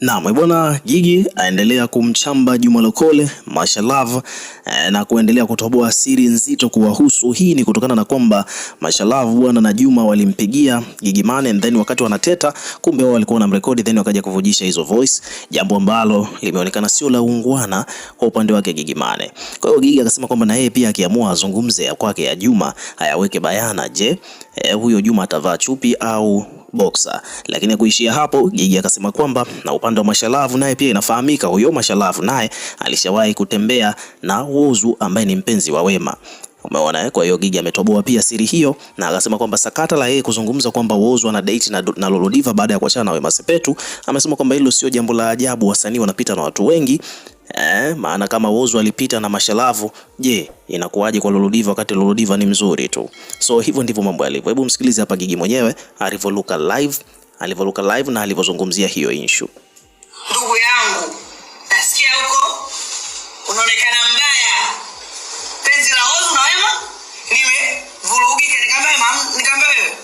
Naam, eh, bwana Gigi aendelea kumchamba Juma Lokole Mashalove eh, na kuendelea kutoboa siri nzito kuwahusu. Hii ni kutokana na kwamba Mashalove bwana na Juma walimpigia Gigi Money and then wakati wanateta, kumbe wao walikuwa wanamrekodi then wakaja kuvujisha hizo voice, jambo ambalo limeonekana sio la uungwana kwa upande wake Gigi Money. Kwa hiyo Gigi akasema kwamba na yeye pia akiamua azungumze ya kwake ya Juma hayaweke bayana. Je, eh, huyo Juma atavaa chupi au boxer. Lakini kuishia hapo, Gigi akasema kwamba na upande wa Mashalavu naye pia inafahamika, huyo Mashalavu naye alishawahi kutembea na Whozu ambaye ni mpenzi wa Wema. Umeona, eh? kwa hiyo Gigi ametoboa pia siri hiyo na akasema kwamba sakata la yeye kuzungumza kwamba Whozu ana date na, na Lolodiva baada ya kuachana na Wema Sepetu, amesema kwamba hilo sio jambo la ajabu, wasanii wanapita na watu wengi eh, maana kama Whozu alipita na Mashalavu, je, inakuwaje kwa Lulu Diva wakati Lulu Diva ni mzuri tu? So hivyo ndivyo mambo yalivyo. Hebu msikilize hapa Gigi mwenyewe alivoluka live, alivoluka live na alivozungumzia hiyo issue. Ndugu yangu, nasikia huko unaonekana mbaya, penzi la Whozu na Wema nimevurugika. Nikamwambia wewe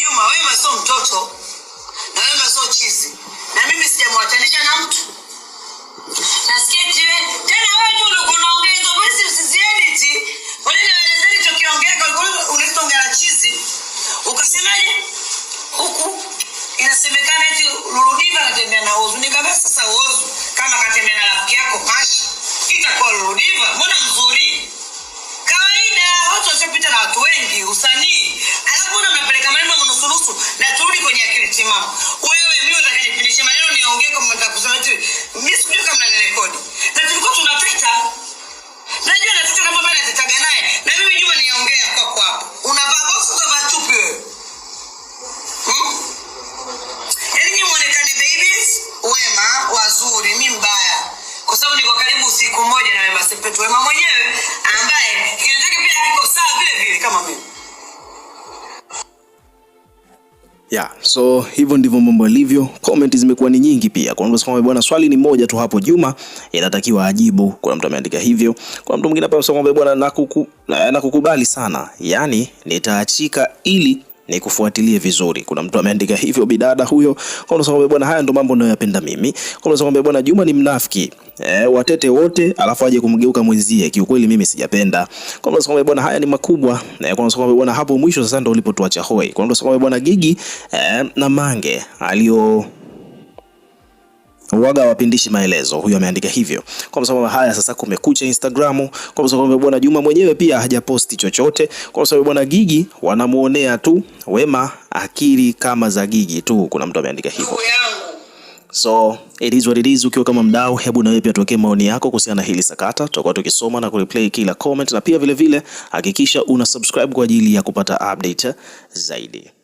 Juma, Wema sio mtoto na Wema sio chizi, na mimi sijamwatanisha na mtu huku inasemekana eti Luludiva anatembea na Ozu. Nikamwambia sasa, Ozu kama katembea na rafiki yako Pashi, itakuwa Luludiva? Mbona mzuri kawaida, watu wasiopita na watu wengi usanii, alafu na mnapeleka maneno manusurusu, na turudi kwenye akili timamu. mzuri, mi mbaya, kwa sababu niko karibu siku moja na Wema Sepetu. Wema mwenyewe ambaye kitu pia kiko sawa vile vile kama mimi. Yeah, so hivyo ndivyo mambo yalivyo. Comment zimekuwa ni nyingi pia. Kwa mtu bwana, swali ni moja tu hapo Juma inatakiwa ajibu. Kuna mtu ameandika hivyo. Kuna mtu mwingine hapa anasema bwana, nakukubali sana, yaani nitaachika ili kufuatilie vizuri. Kuna mtu ameandika hivyo, bidada huyo. Bwana, haya ndo mambo ninayoyapenda mimi. Bwana Juma ni mnafiki eh, watete wote, alafu aje kumgeuka mwenzie. Kiukweli mimi sijapenda. Bwana, haya ni makubwa. Eh, Bwana, hapo mwisho sasa ndo ulipotuacha hoi. Bwana Gigi eh, na Mange alio Uwaga wapindishi maelezo, huyo ameandika hivyo. Kwa sababu haya sasa kumekucha Instagram, kwa sababu bwana Juma mwenyewe pia hajaposti chochote, kwa sababu bwana Gigi wanamuonea tu wema, akili kama za Gigi tu. Kuna mtu ameandika hivyo. So it is what it is. Ukiwa kama mdau, hebu na wewe pia tuwekee maoni yako kuhusiana na hili sakata. Tutakuwa tukisoma na kureplay kila comment, na pia vilevile hakikisha una subscribe kwa ajili ya kupata update zaidi.